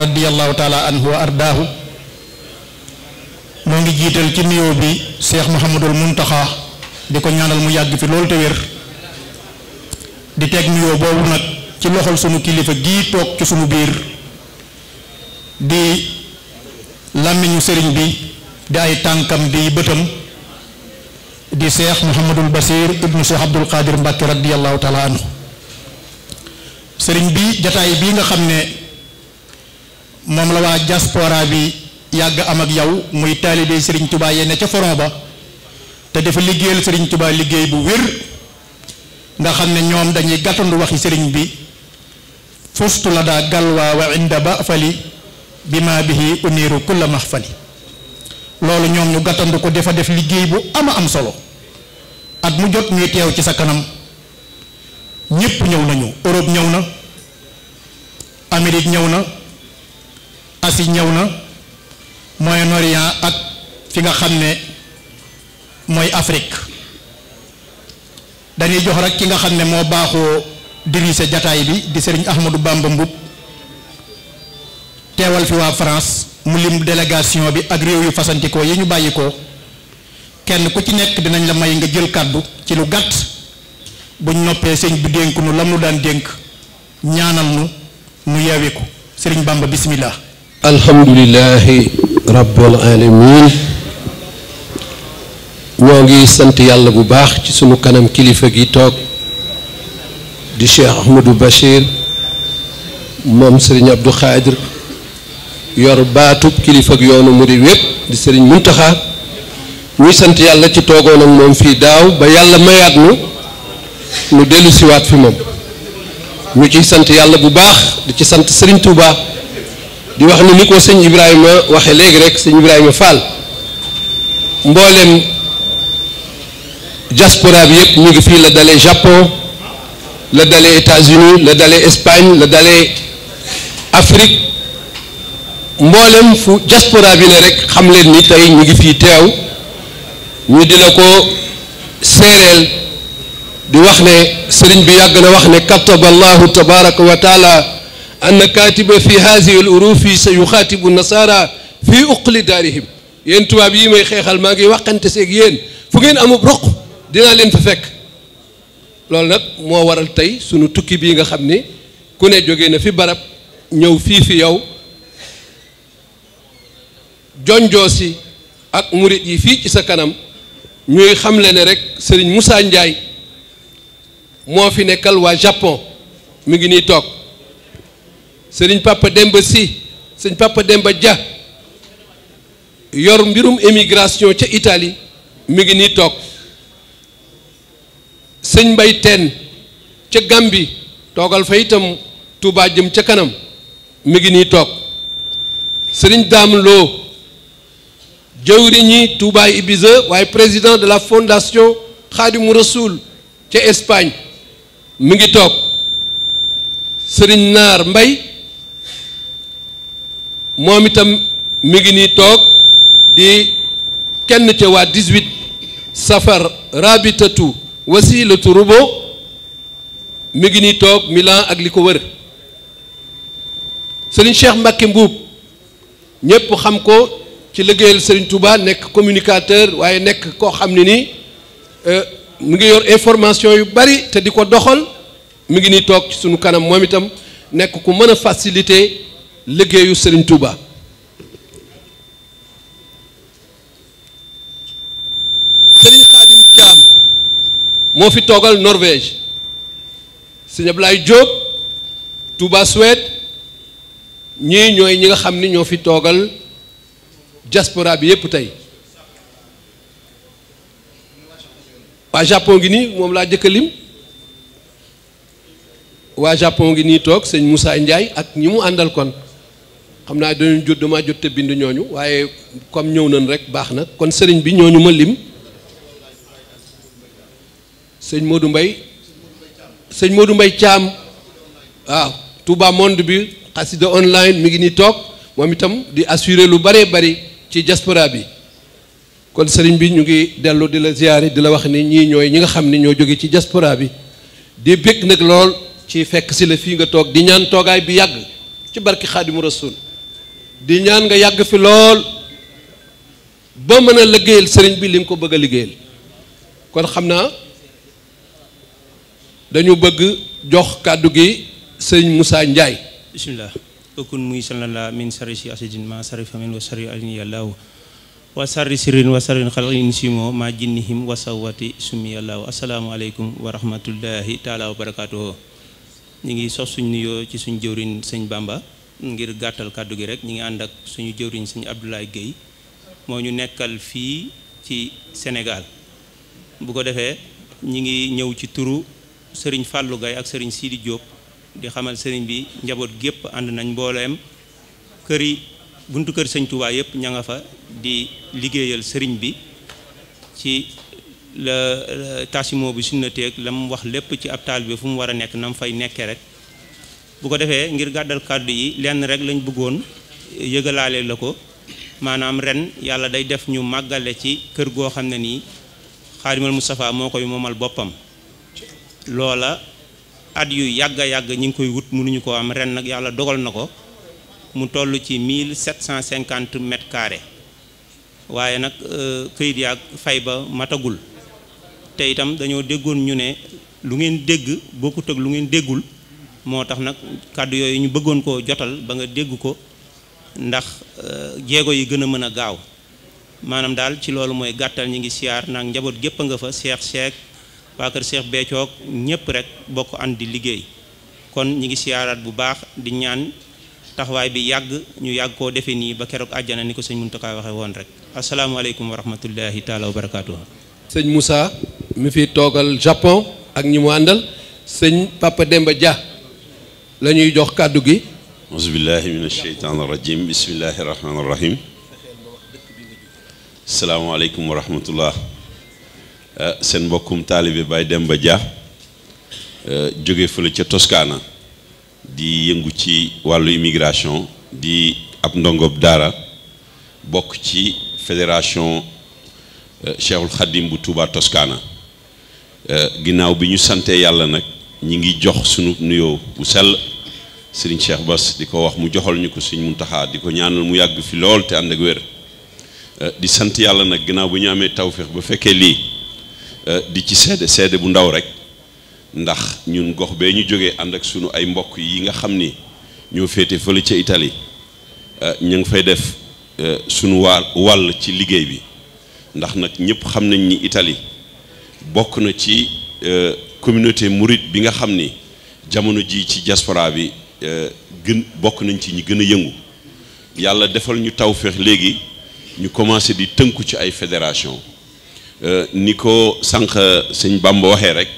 radiyallahu taala anhu wa ardaahu moo ngi jiital ci nuyoo bi Cheikh Mouhamadul Muntaxa di ko ñaanal mu yàgg fi loolu te wér di teg nuyoo boobu nag ci loxol sunu kilifa gi toog ci sumu biir di làmmiñu sëriñ bi di ay tànkam di bëtam di Cheikh Mouhamadul Basir ibnu Cheikh Abdul Qadir Mbàkke radiyallahu sëriñ bi jataay bii nga xam ne moom la waa diaspora bi yàgg am ak yow muy taalibe Serigne tubaa yéen ca foron ba te dafa liggéeyal sëriñ tubaa liggéey bu wér nga xam ne ñoom dañuy gàttandu waxi Serigne bi fustu la daa galwaa wa inda ba fali bi ma bihi uniiru kulla max fali loolu ñoom ñu gàttandu ko dafa def liggéey bu ama am solo at mu jot ñuy teew ci sa kanam ñépp ñëw nañu Europe ñëw na Amérique ñëw na Asie ñëw na Moyen-Orient ak fi nga xam ne mooy Afrique dañuy jox rek ki nga xam ne moo baaxoo dirise jataay bi di Serigne Ahmadou Bamba mbubb teewal fi waa France mu lim délégation bi ak réew yu fasantikoo yi ñu bàyyi ko kenn ku ci nekk dinañ la may nga jël kàddu ci lu gàtt buñ noppee sëñ bi dénk nu la nu daan dénk ñaanal nu nu yeewiku sëriñ bàmba bismillah alhamdulilahi rabbil alamin ñoo ngi sant yàlla bu baax ci sunu kanam kilifa gi toog di cheikh ahmadou bachir moom sëriñ abdou xaadir yor baatub kilifa ak yoonu murid wépp di sëriñ muntaxa ñuy sant yàlla ci toogoon ak moom fii daaw ba yàlla mayaat nu nu dellu siwaat fi moom ñu ciy sant yàlla bu baax di ci sant sëriñ tuuba di wax ne ni ko sëñ Ibrahima waxe léegi rek sëñ Ibrahima Fall mboolem diaspora bi yëpp ñu ngi fii la dalee Japon la dalee États-Unis la dalee Espagne la dalee Afrique mboolem fu diaspora bi ne rek xam leen ni tey ñu ngi fii teew ñu di ko séeréel di wax ne sëriñ bi yàgg na wax ne kataba allahu tabaraka wa anna kaatiba fi haadihi al urufi sa yuxaatibu nasaara fii uqli daarihim yéen tubaab yi may xeexal maa ngi waxante seeg yéen fu ngeen amub roq dinaa leen fa fekk loolu nag moo waral tey sunu tukki bii nga xam ni ku ne jóge na fi barab ñëw fii fi yow jonjoo si ak murit yi fii ci sa kanam ñuy xamle ne rek sëriñ Moussa njaay moo fi nekkal waa Japon mi ngi nii toog sëriñ Papa Demba si sëriñ Papa Demba Dia yor mbirum émigration ca itali mi ngi nii toog sëñ Mbay Teen ca Gàmbi toogal fa itam Touba jëm ca kanam mi ngi nii toog sëriñ Daam Loo jëwriñi Touba Ibiza waaye président de la fondation Xaadimu Rasuul ca Espagne mi ngi toog sëriñ Naar Mbay moom itam mi ngi nii toog di kenn ca waa 18 safar rabitatu wasilatu rubo mi ngi nii toog Milan ak li ko wër Serigne Cheikh Mbacke Mbuub ñëpp xam ko ci liggéeyal Serigne Touba nekk communicateur waaye nekk koo xam ne nii euh, mu ngi yor information yu bari te di ko doxal mi ngi nii toog ci suñu kanam moom itam nekk ku mën a faciliter. liggéeyu Serigne Touba Serigne Khadim Thiam moo fi toogal Norvège Serigne Ablaye Diop Touba Suède ñii ñooy ñi nga xam ni ñoo fi toogal diaspora bi yépp tey waa Japon ngi nii moom laa jëkk a lim waa Japon ngi nii toog sëñ musaa Ndiaye ak ñi mu àndal kon xam naa dañu jot damaa jot te bind ñooñu waaye comme ñëw nañ rek baax na kon sëriñ bi ñooñu ma lim sëñ Modou mbay sëñ Modou mbay caam waaw Touba Monde bi xasida online mi ngi ni toog moom itam di assure lu baree bari ci jasporaa bi kon sëriñ bi ñu ngi dellu di la ziyaare di la wax ni ñii ñooy ñi nga xam ni ñoo jóge ci jasporaa bi di bëgg nag lool ci fekk si la fii nga toog di ñaan toogaay bi yàgg ci barki Xaadimu Rasuul di ñaan nga yàgg fi lool ba mën a liggéeyal sëriñ bi li nga ko bëgg a liggéeyal kon xam naa dañu bëgg jox kàddu gi sëriñ musaa Ndiaye bismillah okun muy sanala min sari si asidin ma sari famin wa sari alin yàllaahu wa sari sirin wa sari xalin simo ma jinnihim wa sawati sumi yàllaahu asalaamaaleykum wa rahmatullahi taala wa barakaatuhu ñu ngi sox suñ nuyoo ci suñ jëwrin sëñ Bamba ngir gàttal kàddu gi rek ñu ngi ànd ak suñu jëwriñ suñu Abdoulaye Guèye moo ñu nekkal fii ci Sénégal bu ko defee ñi ngi ñëw ci turu sëriñ Fallou ak sëriñ Sidi Diop di xamal sëriñ bi njaboot gépp ànd nañ mbooleem kër yi buntu kër sëñ Touba yëpp ña nga fa di liggéeyal sëriñ bi ci la tasimo bi suñ na teeg la mu wax lépp ci ab taal bi fu mu war a nekk na mu fay nekkee rek bu ko defee ngir gàddal kàddu yi lenn rek lañ bëggoon yëgalaale la ko maanaam ren yàlla day def ñu màggale ci kër goo xam ne nii xaadimal mustafa moo koy moomal boppam loola at yu yàgg yàgg ñi ngi koy wut mënuñu ko am ren nag yàlla dogal na ko mu toll ci 1750 mètres carrés waaye nag euh, këyit yaag fay ba matagul te itam dañoo déggoon ñu ne lu ngeen dégg boo ko ak lu ngeen déggul moo tax nag kàddu yooyu ñu bëggoon koo jotal ba nga dégg ko ndax euh, jéego yi gën a mën a gaaw maanaam daal ci loolu mooy gàttal ñi ngi siyaar naag njaboot gépp a nga fa Cheikh seek waa kër Cheikh Béthio ñëpp rek bokk ànd di liggéey kon ñi ngi siyaaraat bu baax di ñaan taxawaay bi yàgg ñu yàgg koo defee nii ba keroog àjjana ni ko sëñ Mountakha waxe woon rek asalaamaaleykum wa rahmatullahi taala wa barakaatu. sëñ Moussa mi fi toogal Japon ak ñi mu àndal sëñ Papa la ñuy jox kàddu gi aousubillahi min alsheytan irajim bismillahi irrahman irrahim asalaamaaleykum wa rahmatullah eh, seen mbokkum taalibe dem ba Dia eh, jóge fële ca Toscana di yëngu ci wàllu immigration di ab ndongob daara bokk ci fédération eh, Cheikhul Khadim bu Touba Toscana ginnaaw bi ñu santee yàlla nag ñi ngi jox sunu nuyoo bu sell sëriñ Cheikh Bass di ko wax mu joxal ñu ko sëriñ Muntaxa di ko ñaanal mu yàgg fi lool te ànd ak wér euh, di sant yàlla nag ginnaaw bu ñu amee tawféex ba fekkee lii euh, di ci seede seede bu ndaw rek ndax ñun gox bee ñu jógee ànd ak sunu ay mbokk yi nga xam ni ñoo féete fële ca itali euh, ñu ngi fay def sunu waa wàll ci liggéey bi ndax nag ñëpp xam nañ ni itali bokk na ci communauté mouride bi nga xam ni jamono ji ci diaspora bi Euh, gën bokk nañ ci ñi gën a yëngu yàlla defal ñu tawféex léegi ñu commencé di tënku ci ay fédération euh, ni ko sànq sëñ Bamba waxee rek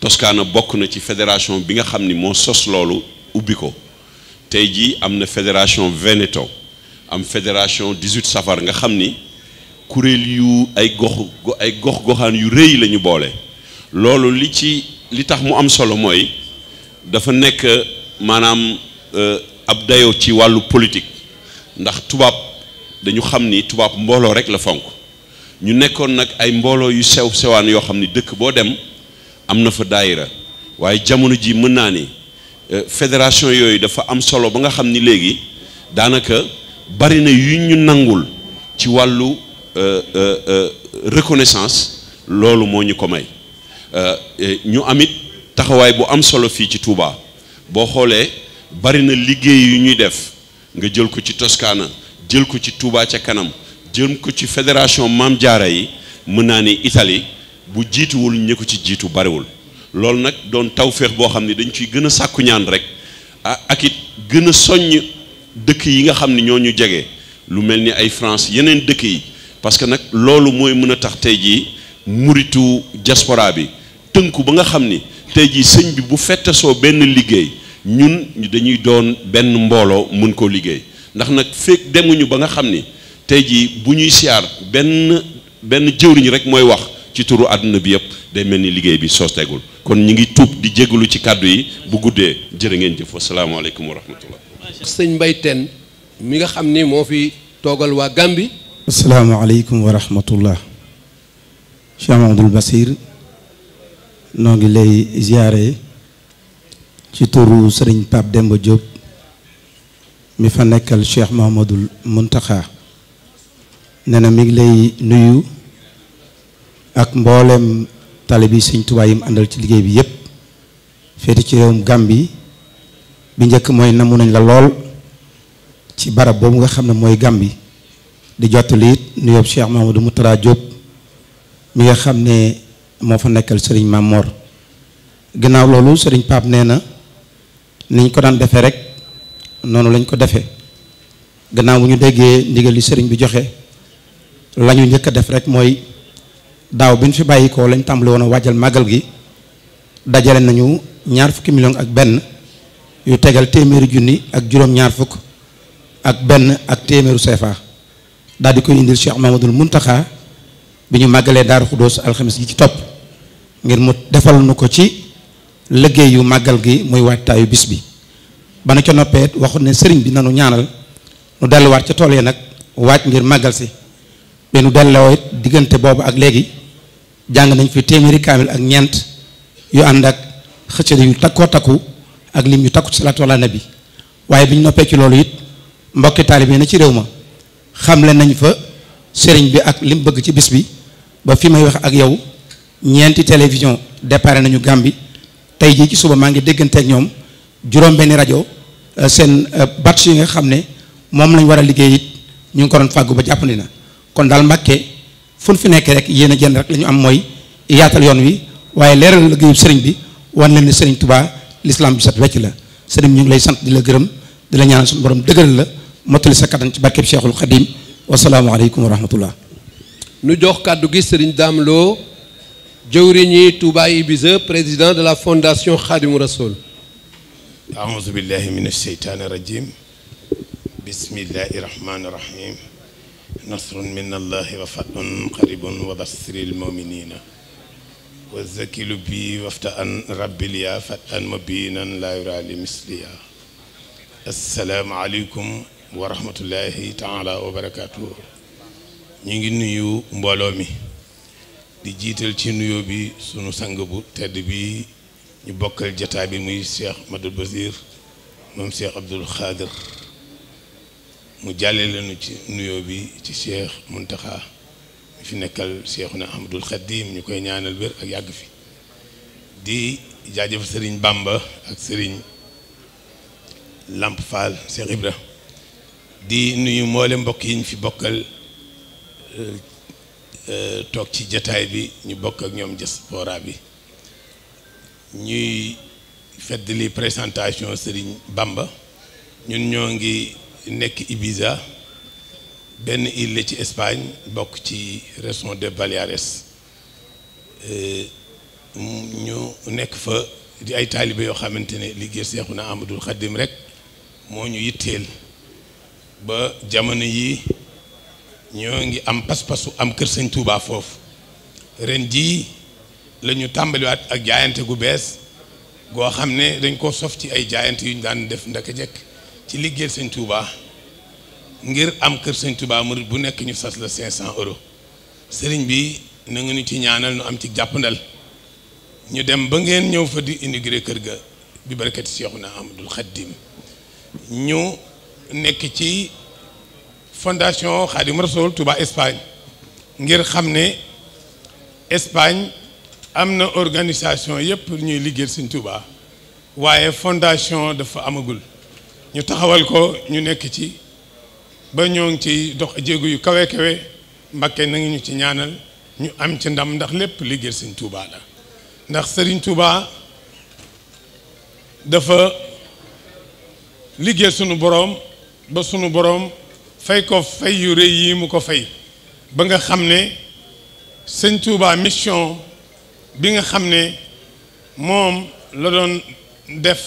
Toscana bokk na ci fédération bi nga xam ni moo sos loolu ubbi ko tey jii am na fédération Veneto am fédération 18 safar nga xam ni kuréel yu ay gox gox goxaan yu rëy la ñu boole loolu li ci li tax mu am solo mooy dafa nekk maanaam euh, ab dayo ci wàllu politique ndax tubaab dañu xam ni tubaab mbooloo rek la fonk ñu nekkoon nag ay mbooloo yu sew sewaan yoo xam ni dëkk boo dem am na fa daayira waaye jamono ji mën naa ni euh, fédération yooyu dafa am solo ba nga xam ni léegi daanaka bari na yu ñu nangul ci wàllu euh, reconnaissance loolu moo ñu ko may ñu amit taxawaay bu am solo fii ci tuubaa boo xoolee bari na liggéey yu ñuy def nga jël ko ci toskaana jël ko ci Touba ca kanam jël ko ci fédération Maam Jaara yi mën naa ni Italie bu jiituwul ñi ci jiitu bariwul loolu nag doon tawféex boo xam ne dañ ciy gën a sàkku ñaan rek ah ak it gën a soññ dëkk yi nga xam ni ñoo ñu jege lu mel ni ay France yeneen dëkk yi parce que nag loolu mooy mën a tax tey jii muritu diaspora bi tënku ba nga xam ni tey jii sëñ bi bu fettesoo benn liggéey ñun dañuy doon benn mbooloo mun koo liggéey ndax nag fekk demuñu ba nga xam ni tey jii bu ñuy siyaar benn benn jëwriñ rek mooy wax ci turu àdduna bi yëpp day mel ni liggéey bi soo soosteegul kon ñu ngi tuub di jégalu ci kàddu yi bu guddee jërë ngeen jëf wasalaamaaleykum wa rahmatullah sëñ Mbay Teen mi nga xam ni moo fi toogal waa Gàmbi asalaamaaleykum wa rahmatullah Cheikh Mamadou Basir noo ngi lay ziare ci turu sëriñ Pape Demba Diop mi fa nekkal Cheikh Mouhamadoul Mountakha nee na mi ngi lay nuyu ak mboolem tali bi sëñ Tuubaa yi mu àndal ci liggéey bi yépp féete ci réewum Gàmbi bi njëkk mooy namu nañ la lool ci barab boobu nga xam ne mooy Gàmbi di jottali it nuyoob Cheikh Mouhamadou Moutara Diop mi nga xam ne moo fa nekkal sëriñ Maam Mor ginnaaw loolu sëriñ Pape nee na niñ ko daan defee rek noonu lañ ko defee gannaaw bu ñu déggee ndigal li sëriñ bi joxe lañu njëkk a def rek mooy daaw bi ñu fi bàyyi ko lañ tàmbali woon a waajal màggal gi dajale nañu ñaar fukki million ak benn yu tegal téeméeri junni ak juróom-ñaar fukk ak benn ak téeméeru CFA daal di koy indil Cheikh Mamadou Mountakha bi ñu màggalee Daaru Xuddoos alxames yi ci topp ngir mu defal nu ko ci liggéey yu màggal gi muy waajtaayu bis bi ba na ca noppee waxut ne sëriñ bi nanu ñaanal nu delluwaat ca tool ya nag waaj ngir màggal si bi nu delloo diggante boobu ak léegi jàng nañ fi téeméeri kaamil ak ñeent yu ànd ak xëccëri yu takkoo takku ak lim yu takku salaatu ala nabi waaye bi ñu noppee ci loolu it mbokki taalibe na ci réew ma xamle nañ fa sëriñ bi ak lim bëgg ci bis bi ba fi may wax ak yow ñeenti télévision déparé nañu Gambie tey jii ci suba maa ngi dégganteek ñoom juróom-benni rajo euh, seen euh, batch yi nga xam ne moom lañ war a liggéey it ñu ngi ko doon fàggu ba jàppandi na kon daal Mbàkke fu fi nekk rek yéen a jënd rek li ñu am mooy yaatal yoon wi waaye leeral liggéeyu sëriñ bi wan leen ne sëriñ tubaa l'islam bi set wecc la sëriñ ñu ngi lay sant di la gërëm di la ñaanal suñu borom dëgëral la mottali sa kattan ci barkeb Cheikhul Khadim wasalaamualeykum wa rahmatullah nu jox kàddu gi sëriñ jëwriñ yi Touba Ibiza président de la fondation Khadimou Rassoul aouzu billahi min asheytaani rajim bismillahi rahmaani rahim nasrun min allahi wa fatun qaribun wa basiril muminina wa zakilu bi wafta an rabbilia fatan mubinan la yura li misliya assalaamu aleykum wa rahmatullahi taala wa barakatuh ñu ngi nuyu mbooloo mi di jiital ci nuyoo bi sunu sang bu tedd bi ñu bokkal jataa bi muy Cheikh Madou Basir moom Cheikh Abdoul Khadir mu jàlle leenu ci nuyoo bi ci Cheikh Muntaxa mi fi nekkal Cheikhuna Ahmadul Khadim ñu koy ñaanal wér ak yàgg fi di jaajëf Serigne bàmba ak Serigne Lamp Fall Cheikh Ibra di nuyu mboole mbokk yi ñu fi bokkal Euh, toog ci jataay bi ñu bokk ak ñoom diaspora bi ñuy feddali présentation Serigne bàmba ñun ñoo ngi nekk Ibiza benn il la ci Espagne bokk ci région de Baleares euh, ñu nekk fa di ay taalibe yoo xamante ne liggéey Seexuna Amadul Xaddim rek moo ñu yitteel ba jamono yi ñoo ngi am pas-pasu am kër sëñ Touba foofu ren jii la ñu tàmbaliwaat ak jaayante gu bees goo xam ne dañ koo sof ci ay jaayante yu ñu daan def ndaka jekk ci liggéey sëñ Touba ngir am kër sëñ Touba murid bu nekk ñu sas la 500 euros sëriñ bi na nga ñu ci ñaanal nu am ci jàppandal ñu dem ba ngeen ñëw fa di intégré kër ga bi barakati Seexuna Ahmadul Xaddim ñu nekk ci. fondation Khadim Rasoul Touba Espagne ngir xam ne Espagne am na organisation yëpp ñuy liggéey siñ Touba waaye fondation dafa amagul ñu taxawal ko ñu nekk ci ba ñoo ngi ciy dox jéego yu kawe kawe Mbakke na ngi ñu ci ñaanal ñu am ci ndam ndax lépp liggéey Sëñ Touba la ndax Sëriñ Touba dafa liggéey sunu boroom ba sunu boroom. fay ko fay yu rëy yi mu ko fay ba nga xam ne sëñ Touba mission bi nga xam ne moom la doon def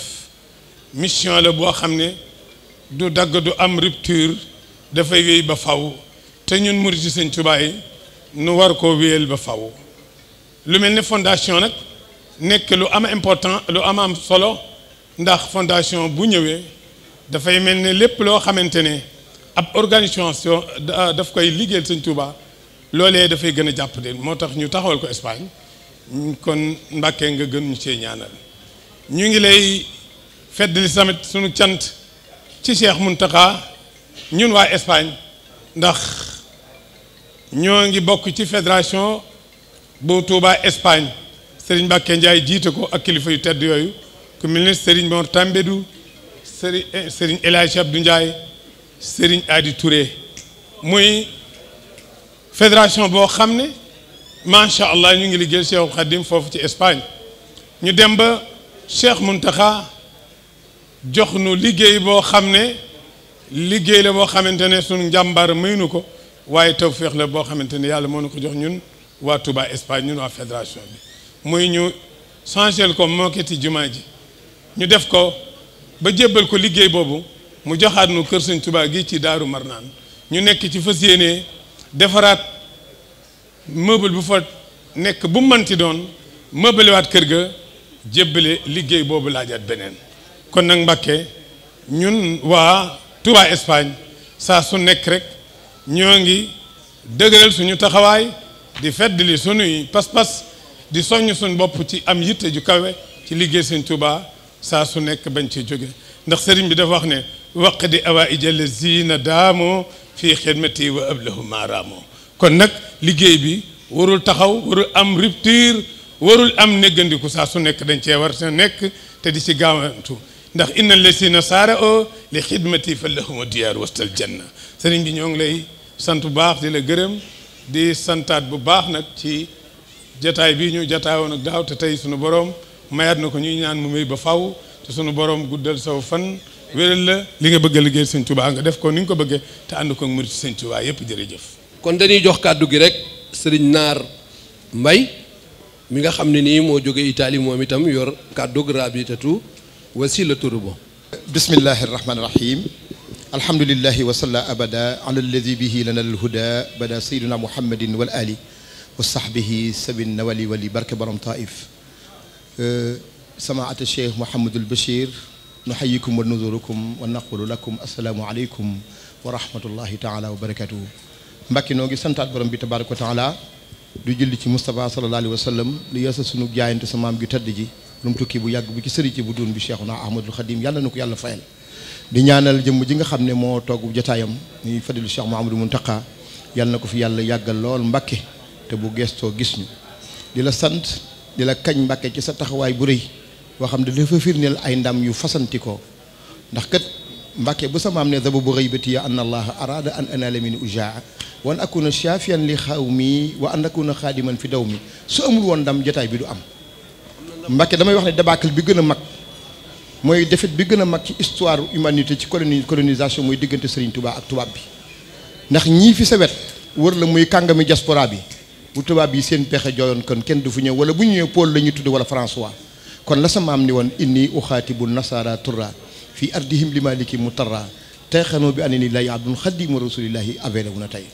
mission la boo xam ne du dagg du am rupture dafay wéy ba faw te ñun murit sëñ Touba yi nu war koo wéyal ba faw lu mel ne fondation nag nekk lu am important lu am am solo ndax fondation bu ñëwee dafay mel ne lépp loo xamante ne ab organisation daf koy liggéeyal sëñ Touba loolee dafay gën a jàpp de moo tax ñu taxawal ko Espagne kon Mbàkke nga gën ñu cee ñaanal ñu ngi lay feddali tamit suñu cant ci Cheikh Mountakha ñun waa Espagne ndax ñoo ngi bokk ci fédération bu Touba Espagne Serigne Mbàkke Ndiaye jiite ko ak kilifa yu tedd yooyu ku mel ni Serigne Mor Tambédou du eh, Serigne El Hadj Abdou Ndiaye Serigne Adi Touré muy fédération boo xam ne macha allah ñu ngi liggéey Cheikh Khadim foofu ci Espagne ñu dem ba Cheikh Mountakha jox nu liggéey boo xam ne liggéey la boo xamante ne sunu njàmbaar may nu ko waaye tawféex la boo xamante ne yàlla moo nu ko jox ñun waa Touba Espagne ñun waa fédération bi muy ñu changé ko moquette jumaa ji ñu def ko ba jébbal ko liggéey boobu. mu joxaat nu kër sëñ Tuubaa gi ci Daaru Marnaan ñu nekk ci fas yéene defaraat meuble bu fa nekk bu manti doon mëbaliwaat kër ga jébbale liggéey boobu laajaat beneen kon nag mbakke ñun waa Touba Espagne saa su nekk rek ñoo ngi dëgëral suñu taxawaay di feddali suñuy pas-pas di soññ suñ bopp ci am yitte ju kawe ci liggéey sëñ Touba saa su nekk bañ ci jóge ndax sëriñ bi dafa wax ne waqdi awaaija na daamoo fii xidmati wa ablahu maaraamu kon nag liggéey bi warul taxaw warul am rupture warul am néggandiku saa su nekk dañ cee war sa nekk te di ci gaawantu ndax inna lazina saara o li xidmati fa lahuma diyaar wastal janna sëriñ bi ñoo ngi lay sant bu baax di la gërëm di santaat bu baax nag ci jataay bi ñu jataawoon ak daaw te tey suñu borom mayaat na ko ñuy ñaan mu may ba faw te sunu borom guddal saw fan wéral la li nga bëgg a liggéey sëñ Touba nga def ko ni nga ko bëggee te ànd ko murit sëñ Touba yëpp jërëjëf. kon dañuy jox kàddu gi rek sëriñ Naar Mbay mi nga xam ne nii moo jóge Italie moom itam yor kàddug raabitatu wasila turubo bismillahi rahmaani rahim alhamdulilahi wa salla abada ala alladi bihi lana alhuda bada sayiduna muhammadin wal ali wa na sabin nawali wali barke borom taif sama attaché Mouhamadul Bachir nuxayikum wa nuzurukum wa naqulu lakum assalaamu aleykum wa rahmatullahi taala wa barakatuhu mbakki noo ngi santaat borom bi tabaraka wa taala du jël julli ci Moustapha sallallahu alayhi wa sallam li yeesa sunu jaayante sa maam gi tëdd ji lu mu tukki bu yàgg bu ci sëriñ ci bu doon bi Cheikhuna Ahmadul Xadim yàlla na ko yàlla fayal di ñaanal jëmm ji nga xam ne moo toog jotaayam muy fadilu Cheikh Mouhamadou Mountakha yàlla na ko fi yàlla yàggal lool mbàkke te bu gestoo gis ñu di la sant di la kañ mbàkke ci sa taxawaay bu rëy boo xam ne dafa firndeel ay ndam yu fasanti ko ndax kat mbàkke bu samaam ne daba bu raybati ya an allaha arada an anala min ujaa wan akuna shafiyan li xaw mi wa an akuna xaadiman fi daw mi su amul woon ndam jotaay bi du am mbàkke damay wax ne débâcle bi gën a mag mooy defit bi gën a mag ci histoire humanité ci coloni colonisation mooy diggante Serigne Touba ak tubaab bi ndax ñii fi sa wet wër la muy kàngami diaspora bi bu tubaab yi seen pexe jooyoon kon kenn du fu ñëw wala bu ñëwee Paul la ñuy tudd wala François kon la sa maam ni woon inni uxaatibu nasara turra fii ardihim li maliki mu tarra tey xanoo bi ane ni lay abdun xadimu rasulillahi avela wu na tey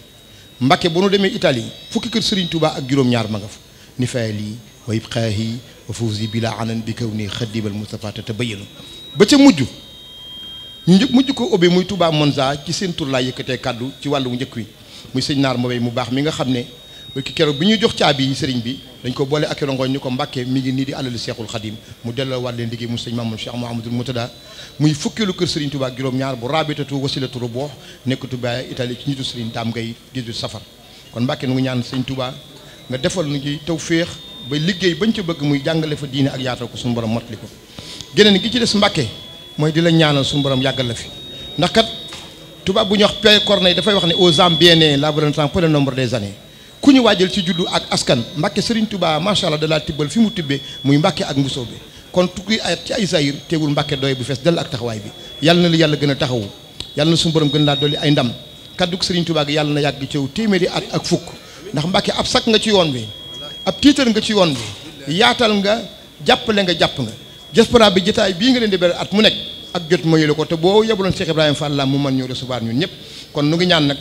mbakke bu nu demee Italie fukki kër sëriñ Touba ak juróom-ñaar ma nga fa ni fay lii wa ibqaahi wa fawzi bila anan bi kaw ni xadibal Mustafa te tabayyanu ba ca mujj ñu njëkk mujj ko obee muy Touba Monza ci seen tur laa kàddu ci wàllu njëkk wi muy sëñ naar moobay mu baax mi nga xam ne ki keroog bi ñuy jox caabi yi sëriñ bi dañ ko boole ak rongoñ ñu ko mbàkkee mi ngi nii di alalu seexul xadim mu delloo waat leen liggéey mu sëñ Mamoun Cheikh Mouhamadoul Moutada muy fukkeelu kër sëriñ Touba ak juróom-ñaar bu raabitatu wasilatu ruboox nekk Touba Italie ci nitu sëriñ daam ngay safar kon mbàkkee nu ngi ñaan sëñ Touba nga defal nu ci tawféex ba liggéey bañ ca bëgg muy jàngale fa diine ak yaatal ko suñu borom motali ko geneen gi ci des mbàkkee mooy di la ñaanal suñu borom yàggal fi ndax kat tubaab bu ñu wax Pierre dafay wax ne aux âmes la bonne temps des années ku ñu waajal ci juddu ak askan Mbàkke Serigne Touba macha allah dalaa tibbal fi mu tibbee muy Mbàkke ak mbusoo bi kon tukki ayat ci ay sayir teewul Mbàkke doy bu fees dell ak taxawaay bi yàlla na li yàlla gën a taxawu yàlla na suñu borom gën laa dolli ay ndam kaddu Serigne Touba gi yàlla na yàgg cëw téeméeri at ak fukk ndax Mbàkke ab sakk nga ci yoon bi ab tiitar nga ci yoon bi yaatal nga jàppale nga jàpp nga diaspora bi jotaay bii nga leen di beral at mu nekk ak jot mayu la ko te boo yebaloon Cheikh Ibrahima Fall mu mën ñu recevoir ñun ñëpp kon nu ñaan nag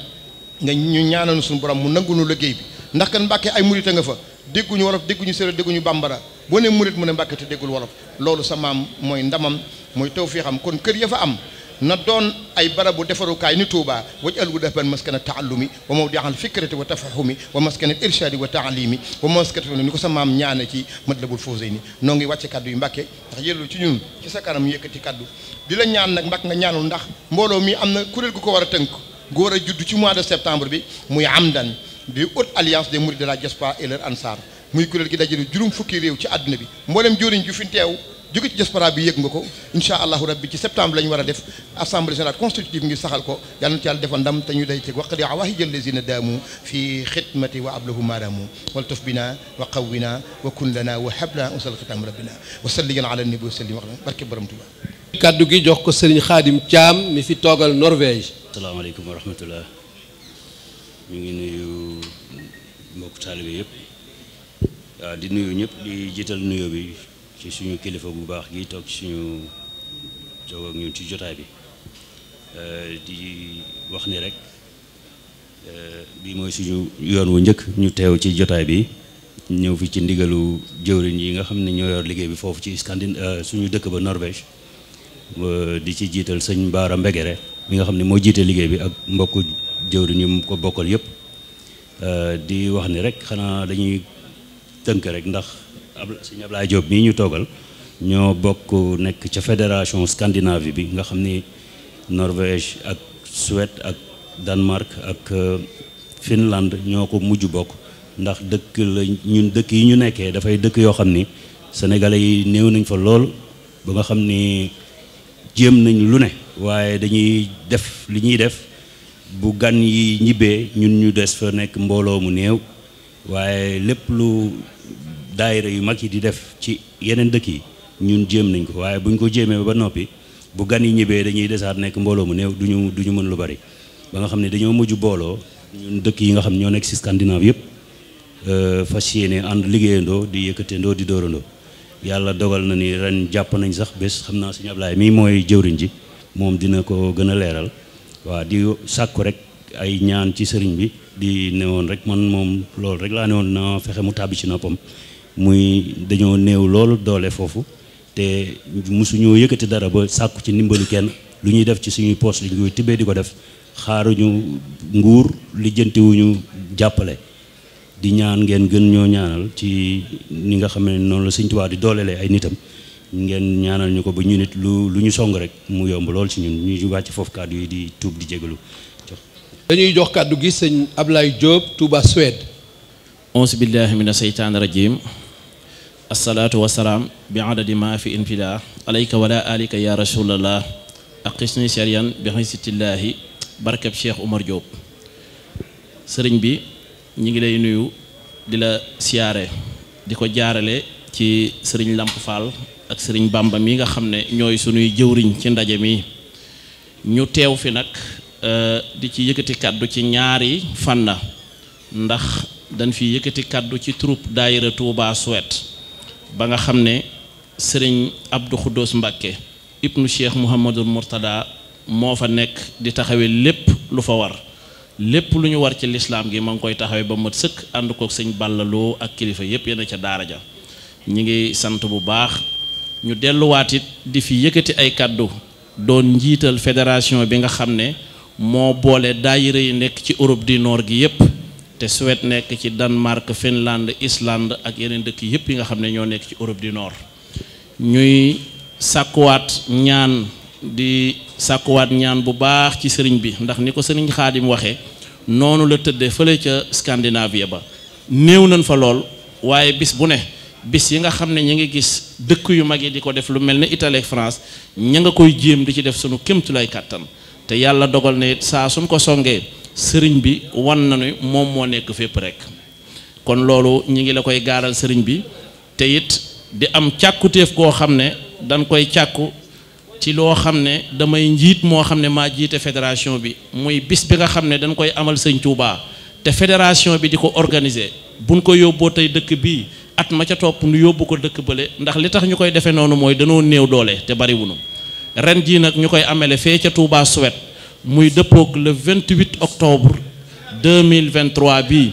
nga ñu ñaanal suñu borom mu nangu nu liggéey bi ndax kan mbàkke ay murit a nga fa dégguñu wolof dégguñu séeréer dégguñu bambara boo ne murit mu ne mbàkke te déggul wolof loolu sa maam mooy ndamam mooy xam kon kër ya fa am na doon ay barabu defarukaay ni Touba waj algu defan maskana taallumi wa mawdi'al fikrati wa tafahumi wa maskana irshadi wa taalimi wa maskana ni ko sa maam ñaane ci Matlabul Fawzayni noo ngi wàcce kaddu yu mbàkke ndax yellu ci ñun ci sa kanam yëkkati kaddu di la ñaan nag mbàkk nga ñaanul ndax mbooloo mi am na kuréel gu ko war a tënk gu war judd ci mois de septembre bi muy amdan du haute alliance des mourides de la diaspora et leur ansar muy kuréel gi dajale juróom fukki réew ci àdduna bi mboolem jóoriñ ju fi teew jóge ci diaspora bi yëg nga ko incha allahu rabbi ci septembre la ñu def assemblée générale constitutive ngir saxal ko yal na ci yàlla defal ndam te ñu day teg waqdi awaahijal lazina daamu fi xidmati wa ablahu maadamu wal tuf bina wa qawwina wa kun lana wa hablana usal xitaam rabbina wa salli ala nabi wa sallim wax barke borom tuba ko sëriñ xaadim caam mi fi mbokk taalibe yëpp waaw di nuyoo ñëpp di jiital nuyo bi ci suñu kilifa bu baax gi toog suñu toog ak ñun ci jotaay bi euh, di ni rek euh, bi mooy suñu yoon wu njëkk ñu teew ci jotaay bi ñëw fi ci ndigalu jëwriñ yi nga xam ne ñoo yor liggéey bi foofu ci Scandin euh, suñu dëkk ba Norvège di ci jiital sañ Baara Mbegere mi nga xam ne moo jiite liggéey bi ak mbokk jëwriñ yi mu ko bokkal yëpp Euh, di wax ni rek xanaa dañuy tënk rek ndax ab sëñ Ablaye Diop mii ñu toogal ñoo bokk nekk ca fédération Scandinavie bi nga xam ni Norvège ak Suède ak Danemark ak euh, Finlande ñoo ko mujj bokk ndax dëkk la ñun dëkk yi ñu nekkee dafay dëkk yoo xam ni sénégalais yi néew nañ fa lool ba nga xam ni jéem nañ lu ne waaye dañuy def li ñuy def bu gan yi ñibbee ñun ñu des fa nekk mbooloo mu néew waaye lépp lu daayira yu mag yi di def ci yeneen dëkk yi ñun jéem nañ ko waaye buñ ko jéemee ba noppi bu gan yi ñibbee dañuy desaat nekk mbooloo mu néew duñu duñu mën lu bari ba nga xam ne dañoo mujj booloo ñun dëkk yi nga xam ñoo nekk ci Scandinave yëpp euh, fas yéene ànd liggéeyandoo di yëkkatendoo di dóorandoo yàlla dogal na ni ren jàpp nañ sax bés xam naa si Ablaay mii mooy jëwriñ ji moom dina ko gën a leeral waaw di sàkku rek ay ñaan ci sëriñ bi di newoon rek man moom loolu rek laa newoon na fexe mu tàbbi ci noppam muy dañoo néew loolu doole foofu te mosuñoo yëkkati dara ba sàkku ci ndimbalu kenn lu ñuy def ci suñuy poste li ñuy tibbee di ko def xaaruñu nguur lijjantiwuñu jàppale di ñaan ngeen gën ñoo ñaanal ci ni nga xam ne noonu la Sëñ Tuubaa di doolelee ay nitam ngeen ñaanal ñu ko ba ñu nit lu ñu song rek mu yomb lool ci ñun ñu wàcc foofu kàddu yi di tuub di jégalu dañuy jox kàddu gi sëñ Ablaye Diop Touba Suède auzu billahi mina seytaani rajim assalaatu wassalaam bi adadi ma fi infila alayka wala alika ya bi barkab Cheikh Omar Diop sëriñ bi ñu ngi lay nuyu di la siyaare di ko jaarale ci sëriñ Lamp Fall ak sëriñ Bamba mi nga xam ne ñooy sunuy jëwriñ ci ndaje mi ñu teew fi nag euh, di ci yëkkati kàddu ci ñaari fànn ndax dañ fi yëkkati kàddu ci troupe daayira Touba suwet ba nga xam ne sëriñ Abdou Khoudous Mbacké ibnu Cheikh Mouhamadul Mourtada moo fa nekk di taxawee lépp lu fa war lépp lu ñu war ci lislaam gi ma ngi koy taxawee ba mat sëkk ànd kook sëñ bàllaloo ak kilifa yépp yéen ca daara ja ñi ngi sant bu baax ñu delluwaat it di fi yëkkati ay kàddu doon njiital fédération bi nga xam ne moo boole daayira yi nekk ci Europe du Nord gi yépp te Suède nekk ci Danemark Finlande Islande ak yeneen dëkk yépp yi nga xam ne ñoo nekk ci Europe du Nord ñuy sàkkuwaat ñaan di sàkkuwaat ñaan bu baax ci sëriñ bi ndax ni ko sëriñ Xaadim waxee noonu la tëddee fële ca Scandinavie ba néew nañ fa lool waaye bis bu ne bis yi nga xam ne ñu ngi gis dëkk yu mag yi di ko def lu mel ne Italie France ñu nga koy jéem di ci def sunu kémtulay kàttan te yàlla dogal na ne saa suñ ko songee sëriñ bi wan na nañu moom moo nekk fépp rek kon loolu ñu ngi la koy gaaral sëriñ bi te it di am càkkutéef koo xam ne dañ koy càkku ci loo xam ne damay njiit moo xam ne maa jiite fédération bi muy bis bi nga xam ne dañ koy amal sëñ Touba te fédération bi di ko organiser buñ ko yóbboo dëkk bii at ma ca topp nu yóbbu ko dëkk bële ndax li tax ñu koy defee noonu mooy danoo néew doole te bari wunu ren jii nag ñu koy amele fee ca Touba Suwet muy dëppoog le 28 octobre 2023 bii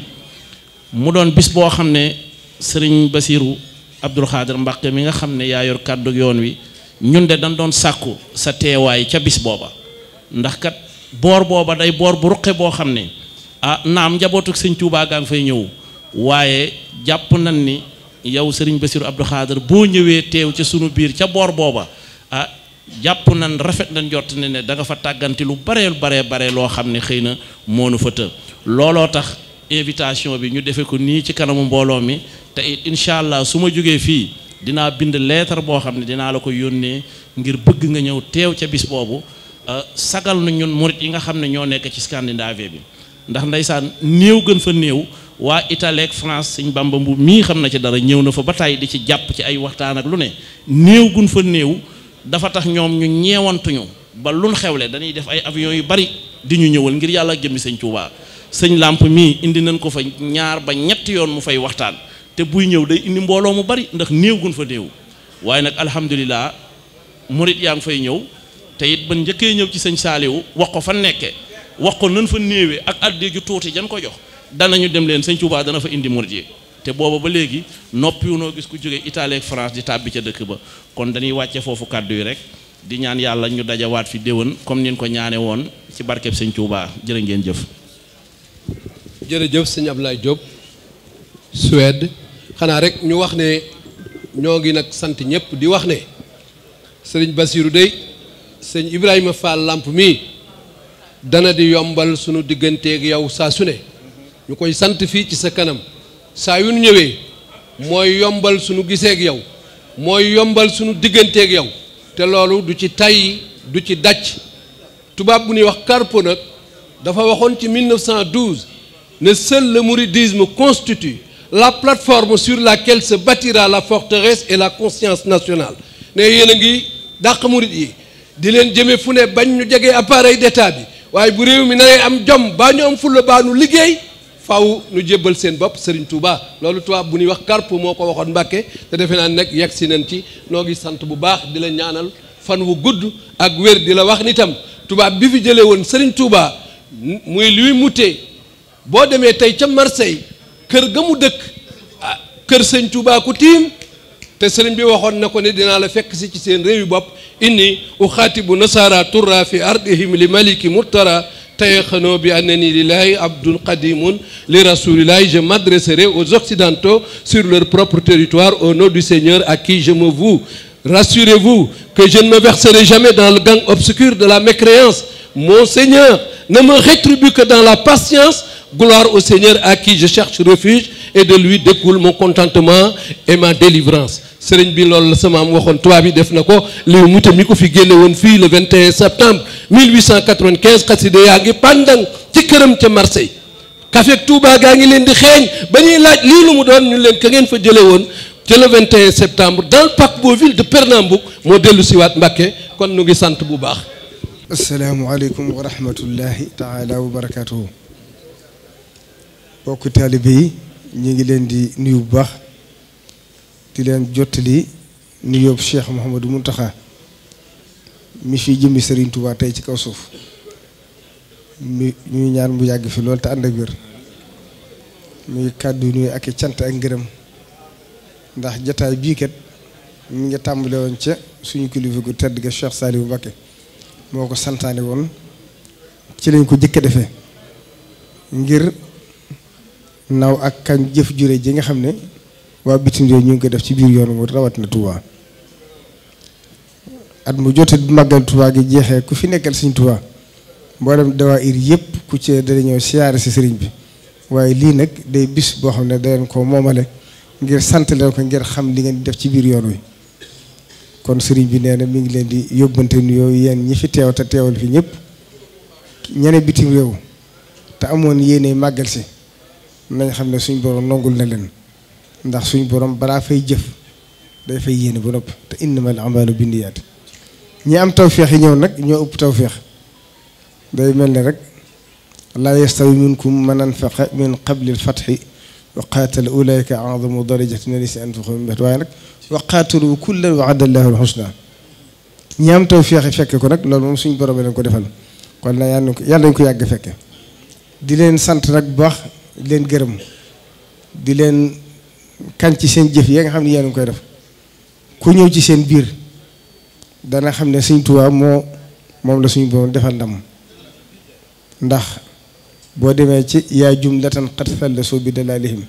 mu doon bis boo xam ne sëriñ basiiru Abdul Xaadir Mbàkke mi nga xam ne yaa yor kàddu yoon wi ñun de dañ doon sàkku sa teewaay ca bis booba ndax kat boor booba day boor bu ruqe boo xam ne ah naam njabootuk sëñ Touba gaa ngi fay ñëw waaye jàpp nañ ni yow sëriñ Bassirou Abdou Khader boo ñëwee teew ca sunu biir ca boor booba ah jàpp nan rafet nañ jot ne ne da nga fa tàgganti lu baree baree bare loo xam ne xëy na moonu fa të looloo tax invitation bi ñu defee ko nii ci kanamu mbooloo mi te it incha allah su ma jógee fii dinaa bind leetar boo xam ne dinaa la ko yónnee ngir bëgg nga ñëw teew ca bis boobu ah, sagal na ñun murit yi nga xam ne ñoo nekk ci Scandinavie bi ndax ndeysaan néew gën fa néew waa Italie ak France sëñ Bamba Mbuub mii xam na ci dara ñëw na fa ba tàyyi di ci jàpp ci ay waxtaan ak lu ne néew gun fa néew dafa tax ñoom ñu ñeewantuñu ba luñ xewle dañuy def ay avion yu bari di ñu ñëwal ngir yàlla jëmmi sañ Tuubaa sëñ làmp mii indi nañ ko fa ñaar ba ñetti yoon mu fay waxtaan te buy ñëw day indi mbooloo mu bari ndax néew gun fa néew waaye nag alhamdulilah murit yaa ngi fay ñëw te it ban njëkkee ñëw ci sëñ Saaliwu wax ko fa nekke wax ko nan fa néewee ak adde ju tuuti jan ko jox danañu dem leen sëñ Tuubaa dana fa indi murit yi te booba ba léegi noppiwu noo gis ku jóge Italie ak France di tàbbi ca dëkk ba kon dañuy wàcce foofu kàddu yi rek di ñaan yàlla ñu dajawaat fi déwén comme nin ko ñaane woon ci barkeb sëñ Tuubaa jërë ngeen jëf jërëjëf sëñ Ablaye Diop Suède xanaa rek ñu wax ne ñoo ngi nag sant ñëpp di wax ne sëriñ basiiru dey sëñ Ibrahima Fall làmp mii dana di yombal sunu digganteeg yow saa su ne ñu koy sant fii ci sa kanam saa yu ñëwee mooy yombal sunu giseeg yow mooy yombal sunu digganteeg yow te loolu du ci tay du ci dàcc tubaab bu ñuy wax Carpo nag dafa waxoon ci 1912 ne seul le mouridisme constitue la plateforme sur la se bâtira la forteresse et la conscience nationale ne yéen a ngi dàq murid yi di leen jëme fu ne bañ ñu jege appareil d'état bi waaye bu réew mi na am jom baa ñu am fulla baa nu liggéey faw nu jébbal seen bopp sëriñ Touba loolu tubaab bu ñuy wax karp moo ko waxoon Mbàkke te defe naa nag yegg si nañ ci noo ngi sant bu baax di la ñaanal fan wu gudd ak wér di la wax ni tam tubaab bi fi jëlee woon sëriñ Touba muy luy mutee boo demee tey ca Marseille kër ga mu dëkk ah kër sëñ Touba ku tiim te sëriñ bi waxoon na ko ne dinaa la fekk si ci seen réew yi bopp inni u xaatibu nasara turra fi ardihim li maliki murtara tayaqano bi annani lillahi abdun qadimun li rasulillahi je m'adresserai aux occidentaux sur leur propre territoire au nom du Seigneur à qui je me voue rassurez-vous que je ne me verserai jamais dans le gang obscur de la mécréance mon Seigneur ne me rétribue que dans la patience gloire au Seigneur à qui je cherche refuge et de lui découle mon contentement et ma délivrance sëriñ bi loolu la sama am waxoon tubaab yi def na ko léegi mu tam mi ko fi génne woon fii le 21 septembre 1895 xaside yaa ngi pàndang ci këram ca Marseille kafeeg Touba gaa ngi leen di xeeñ ba ñuy laaj lii lu mu doon ñu leen ka ngeen fa jële woon ca le 21 septembre dans le parc de Pernambouc moo dellu siwaat Mbàkke kon nu ngi sant bu baax asalaamualeykum wa rahmatullahi taala wa barakatuhu bokk taalibe yi ñu ngi leen di nuyu bu baax di leen jottali nuyoob Cheikh Mouhamadou Mountakha mi fi jëmbi Serigne tey ci kaw suuf mu ñuy ñaan mu yàgg fi lool te ànd ak wér muy kàddu nuyu ak i cant ak ngërëm ndax jataay bii kat mi nga tàmbale ca suñu kilifa gu tedd ga Cheikh Saliou Mbacké moo ko santaane woon ci lañ ko jëkk defee ngir naw ak kañ jëf jure ji nga xam ne waa bitim réew ñu ngi ko def ci biir yoonu mu rawat na Touba at mu jotee bu màggal Touba gi jeexee ku fi nekkal Sëriñ Touba mboolem dawaa ir yëpp ku ci dana ñëw siyaare si sëriñ bi waaye lii nag day bis boo xam ne daleen ko moomale ngir sant leen ko ngir xam li ngeen di def ci biir yoon wi kon sëriñ bi nee na mi ngi leen di yóbbante nuyoo yéen ñi fi teew te teewal fi ñëpp ñene bitim réew te amoon yéene màggal si nañ xam ne suñ borom nongul na leen ndax suñ boroom balaa fay jëf day fay yéene ba noppi te innamal a'maalu binniyaat ñi am tawféex yi ñëw nag ñoo ëpp tawféex day mel ne rek laa yastawi minkum man anfaqa min qabli al-fathi wa qaatala ulaa'ika a'zamu darajatan min allaziina anfaqu min ba'du waaye nag wa qaatalu kullan wa'ada Allaahu al-husnaa ñi am tawféex yi fekke ko nag loolu moom suñ borom leen ko defal kon na yàlla nañ ko yàlla nañ ko yàgg fekke di leen sant nag baax. leen gërëm di leen kañ ci seen jëf yee nga xam ne yéen a koy def ku ñëw ci seen biir dana xam ne Sëñ Tuubaa moo moom la suñu borom defal ndam ndax boo demee ci yaa jumlatan qad fallasoo bi dalaalihim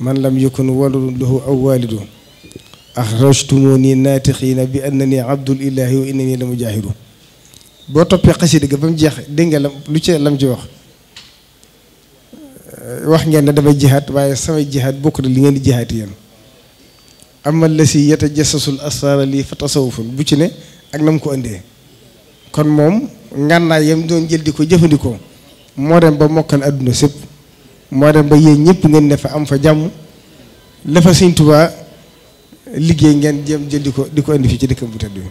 man lam yakun waladun lahu aw waalidu axrajtumuni xiina bi annani abdul ilaahi wa innani la mujaahidu boo toppee xasida ga ba mu jeex dégg nga lam lu ci lam ci wax Eh, wax ngeen ne damay jihaat waaye samay jihaat bokk na li ngeen di jihaat yéen amal la si yata jasasul asraar lii fa tasawufun bu ci ne ak na ko indee kon moom ngànnaay yam doon jël di ko jëfandikoo moo dem ba mokkal àdduna sëpp moo dem ba yéen ñëpp ngeen ne fa am fa jàmm la fa Sëñ Tuubaa liggéey ngeen jëm jël di ko di ko indi fii ci dëkkam bu tedd bi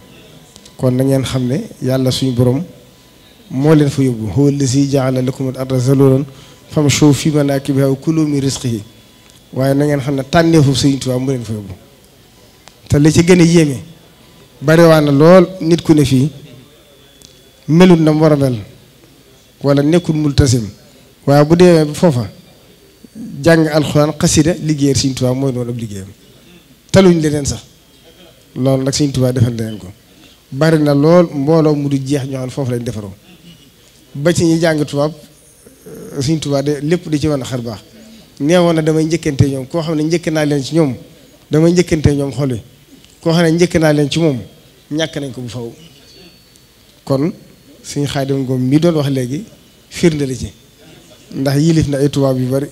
kon na ngeen xam ne yàlla suñu borom moo leen fa yóbbu si allazi jaala lakum al arda zalulan xam famshu fii manaakibihaa wa kuluu min yi waaye na ngeen xam ne tànneefu Sëriñ Tuubaa mu leen fa yóbbu te li ci gën a yéeme bariwaa na lool nit ku ne fii melut na mu war a mel wala nekkul multasim waaye bu demee ba foofa jàng alxuraan xasida liggéeyal Sëriñ Tuubaa mooy doon ab liggéeyam taluñ leneen sax loolu nag Sëriñ Tuubaa defal leneen ko bari na lool mbooloo mu di jeex ñoo xam foofu lañ defaroo ba ci ñi jàng tubaab suñ tubaab de lépp di ci wan a xar baax neewoon na damay njëkkante ñoom koo xam ne njëkk naa leen ci ñoom damay ñoom xol yi koo xam ne njëkk naa leen ci moom ñàkk nañ ko bu faw kon suñ Xaadim Ngom mi doon wax léegi firnde la ci ndax yilif na ay tubaab yu bari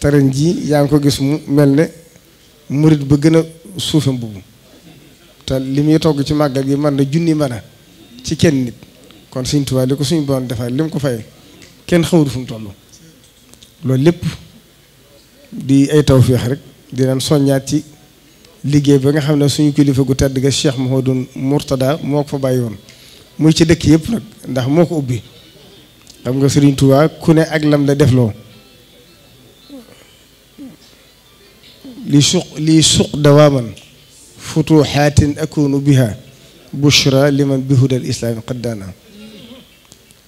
taren ji yaa ngi ko gis mu mel ne murit ba gën a suufe mbubu te li muy togg ci màggat gi mën na junni mën ci kenn nit kon Sëriñ Tuubaa li ko suñu boon defal li mu ko fay kenn xamul fu mu toll loolu lépp di ay taw tawféex rek di leen soññaat ci liggéey ba nga xam ne suñu kilifa gu tedd ga Cheikh doon Mourtada moo ko fa bàyyi woon muy ci dëkk yëpp nag ndax moo ko ubbi xam nga Serigne Touba ku ne ak lam la defloo li suq li suq dawaaman futuxaatin akunu biha bushra liman bihudal islaami qaddaana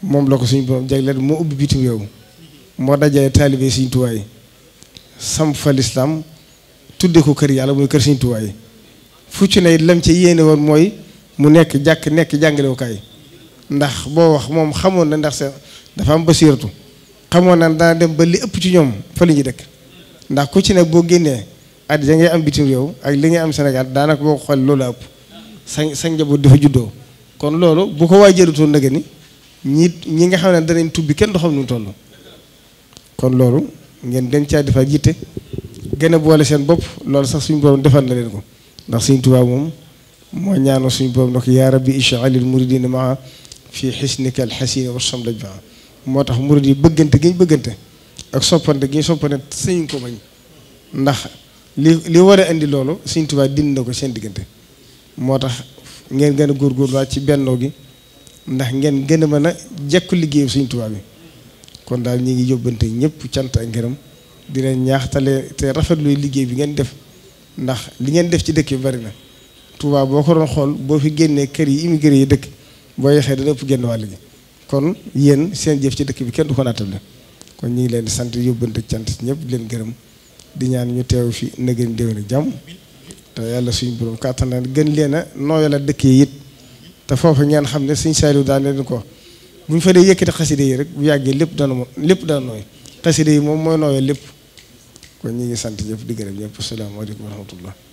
moom la ko suñu borom jagleel moo ubbi bitim réew moo dajale taalibe Sëriñ Tuubaa yi sam fa lislaam tudde ko kër yàlla muy kër Sëriñ Tuubaa yi fu ci ne lam ci yéene woon mooy mu nekk jàkk nekk jàngalewukaay ndax boo wax moom xamoon na ndax seen dafa am basiiratu xamoon na dana dem ba li ëpp ci ñoom fa li ñu dëkk ndax ku ci ne boo génnee at ya ngay am bitim réew ak li ngay am Sénégal daanaka boo ko xool loolu ëpp sa sa njaboot dafa juddoo kon loolu bu ko waay jëlutoon nag ni ñi ñi nga xam ne danañ tubbi kenn du xam nu mu kon loolu ngeen gën caa defaat jiite gën a boole seen bopp loolu sax suñu borom defal na leen ko ndax Sëriñ Tuubaa moom moo ñaanal suñu borom ndox yaa rabbi ish'alil muridina maa fi xisnika alxasini wa samlaj maa moo tax murid yi bëggante gi ñu bëggante ak soppante gi ñu soppante sëñ ko bañ ndax li li war a indi loolu Sëriñ Tuubaa dindi na ko seen diggante moo tax ngeen gën a góor góorgóorluwaat ci bennoo gi. ndax ngeen gën a mën a jekku liggéeyam suñu Tuubaa bi kon daal ñu ngi yóbbante ñëpp cant ak ngërëm di leen ñaaxtale te rafetlu liggéey bi ngeen def ndax li ngeen def ci dëkk yu bari na tubaab boo ko doon xool boo fi génnee kër yi immigré yi dëkk boo yexee dana ëpp genn wàll gi kon yéen seen jëf ci dëkk bi kenn du ko naatable kon ñu ngi leen di sant yóbbante cant ñëpp leen gërëm di ñaan ñu teew fi na gën déwén jàmm te yàlla suñu borom kàttan gën leen a nooyal la dëkk yi it te foofu ngeen xam ne suñ Saliou daan leen ko bu ñu fa dee yëkkati xaside yi rek bu yàggee lépp dana mo lépp dana nooy xaside yi moom mooy nooyal lépp kon ñu ngi sant ñëpp di gërëm ñëpp asalaamaaleykum wa rahmatullah